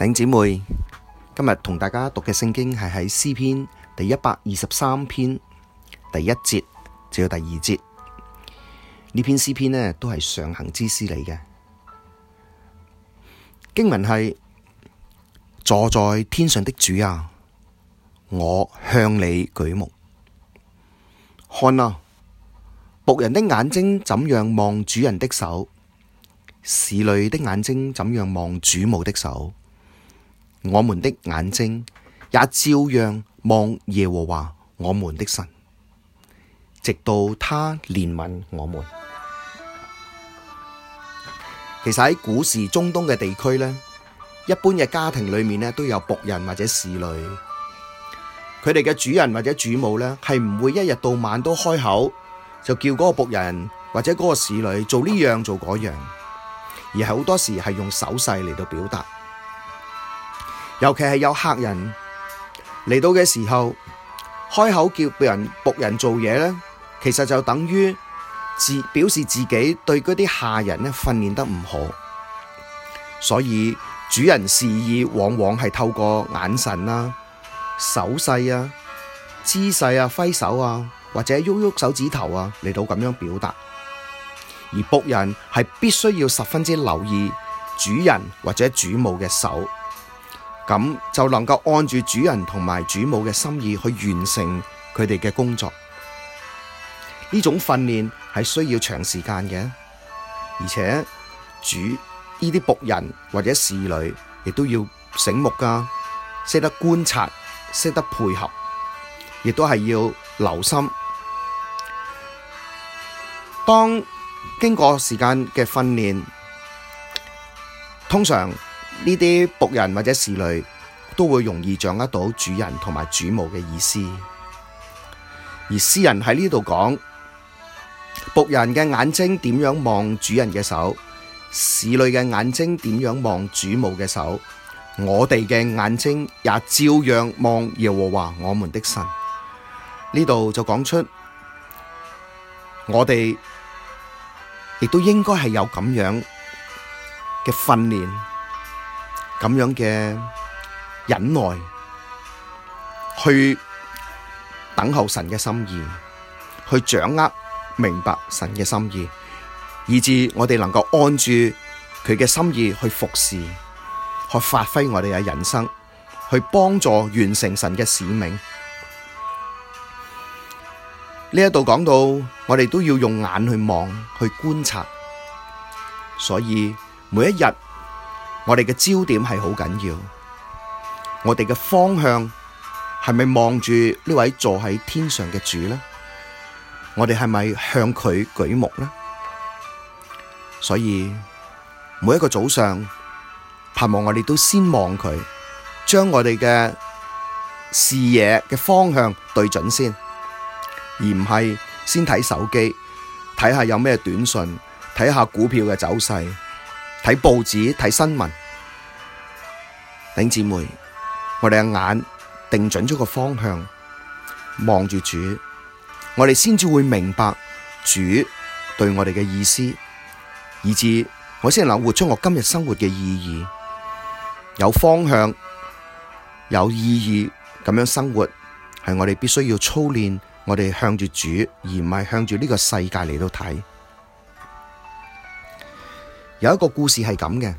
弟姐妹，今日同大家讀嘅聖經係喺詩篇第一百二十三篇第一節至到第二節。呢篇詩篇呢，都係上行之詩嚟嘅。經文係坐在天上的主啊，我向你舉目。看哪，僕人的眼睛怎樣望主人的手，侍女的眼睛怎樣望主母的手。我們的眼睛也照樣望耶和華我們的神，直到他憐憫我們。其實喺古時中東嘅地區呢，一般嘅家庭裏面咧都有僕人或者侍女，佢哋嘅主人或者主母呢，係唔會一日到晚都開口就叫嗰個僕人或者嗰個侍女做呢樣做嗰樣，而係好多時係用手勢嚟到表達。尤其係有客人嚟到嘅時候，開口叫人僕人做嘢呢，其實就等於自表示自己對嗰啲下人呢訓練得唔好。所以主人示意往往係透過眼神啊、手勢啊、姿勢啊、揮手啊，或者喐喐手指頭啊嚟到咁樣表達。而僕人係必須要十分之留意主人或者主母嘅手。咁就能夠按住主人同埋主母嘅心意去完成佢哋嘅工作。呢種訓練係需要長時間嘅，而且主呢啲僕人或者侍女亦都要醒目㗎，識得觀察，識得配合，亦都係要留心。當經過時間嘅訓練，通常。呢啲僕人或者使女都會容易掌握到主人同埋主母嘅意思，而詩人喺呢度講僕人嘅眼睛點樣望主人嘅手，使女嘅眼睛點樣望主母嘅手，我哋嘅眼睛也照樣望耶和華我們的神。呢度就講出我哋亦都應該係有咁樣嘅訓練。咁樣嘅忍耐，去等候神嘅心意，去掌握明白神嘅心意，以至我哋能夠按住佢嘅心意去服侍，去發揮我哋嘅人生，去幫助完成神嘅使命。呢一度講到，我哋都要用眼去望，去觀察，所以每一日。我哋嘅焦點係好緊要，我哋嘅方向係咪望住呢位坐喺天上嘅主咧？我哋係咪向佢舉目咧？所以每一個早上，盼望我哋都先望佢，將我哋嘅視野嘅方向對準先，而唔係先睇手機，睇下有咩短信，睇下股票嘅走勢。睇報紙睇新聞，弟兄姊妹，我哋嘅眼定準咗個方向，望住主，我哋先至會明白主對我哋嘅意思，以至我先能活出我今日生活嘅意義，有方向，有意義咁樣生活，係我哋必須要操練，我哋向住主，而唔係向住呢個世界嚟到睇。有一個故事係咁嘅。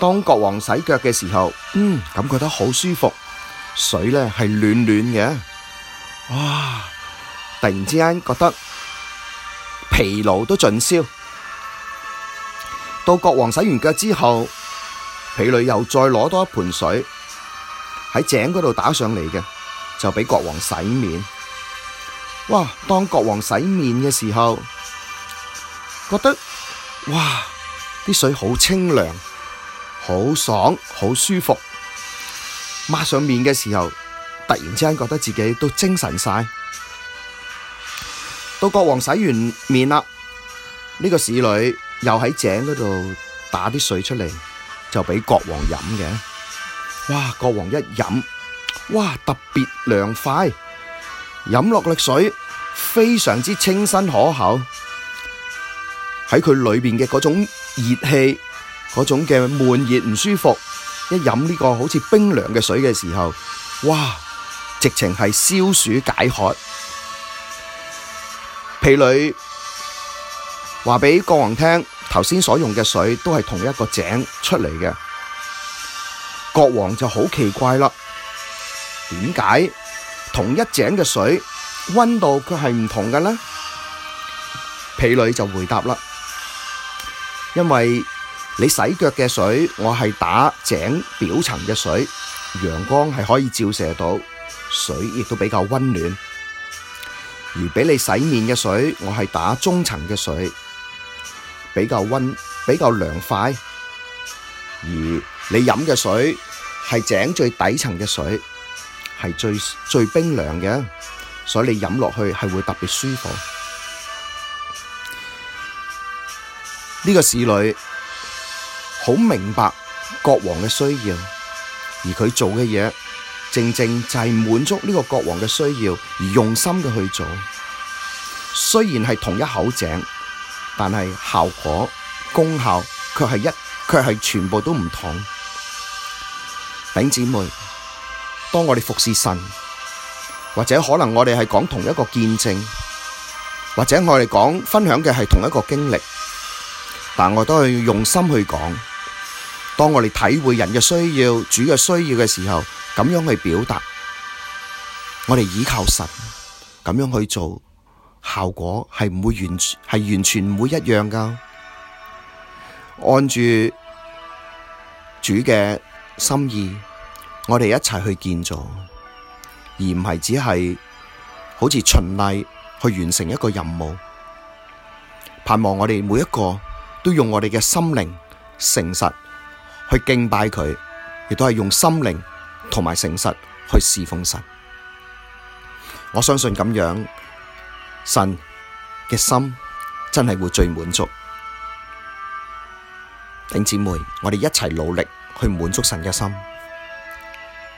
當國王洗腳嘅時候，嗯，感覺得好舒服，水呢係暖暖嘅，哇！突然之間覺得疲勞都盡消。到國王洗完腳之後，婢女又再攞多一盆水喺井嗰度打上嚟嘅，就畀國王洗面。哇！當國王洗面嘅時候，覺得哇，啲水好清涼。好爽，好舒服。抹上面嘅時候，突然之間覺得自己都精神晒。到國王洗完面啦，呢、這個侍女又喺井嗰度打啲水出嚟，就俾國王飲嘅。哇！國王一飲，哇，特別涼快。飲落力水非常之清新可口，喺佢裏邊嘅嗰種熱氣。嗰種嘅悶熱唔舒服，一飲呢個好似冰涼嘅水嘅時候，哇！直情係消暑解渴。婢女話畀國王聽，頭先所用嘅水都係同一個井出嚟嘅。國王就好奇怪啦，點解同一井嘅水溫度佢係唔同嘅呢？婢女就回答啦，因為。你洗腳嘅水，我係打井表層嘅水，陽光係可以照射到，水亦都比較温暖；而俾你洗面嘅水，我係打中層嘅水，比較温，比較涼快；而你飲嘅水係井最底層嘅水，係最最冰涼嘅，所以你飲落去係會特別舒服。呢個事裏。好明白國王嘅需要，而佢做嘅嘢，正正就係滿足呢個國王嘅需要，而用心嘅去做。雖然係同一口井，但係效果功效卻係一，卻係全部都唔同。弟兄姊妹，當我哋服侍神，或者可能我哋係講同一個見證，或者我哋講分享嘅係同一個經歷，但係我都係要用心去講。當我哋體會人嘅需要、主嘅需要嘅時候，咁樣去表達我哋依靠神，咁樣去做，效果係唔會完，係完全唔會一樣噶按住主嘅心意，我哋一齊去建造，而唔係只係好似循例去完成一個任務。盼望我哋每一個都用我哋嘅心靈誠實去敬拜佢，亦都係用心靈同埋誠實去侍奉神。我相信咁樣，神嘅心真係會最滿足。頂姊妹，我哋一齊努力去滿足神嘅心。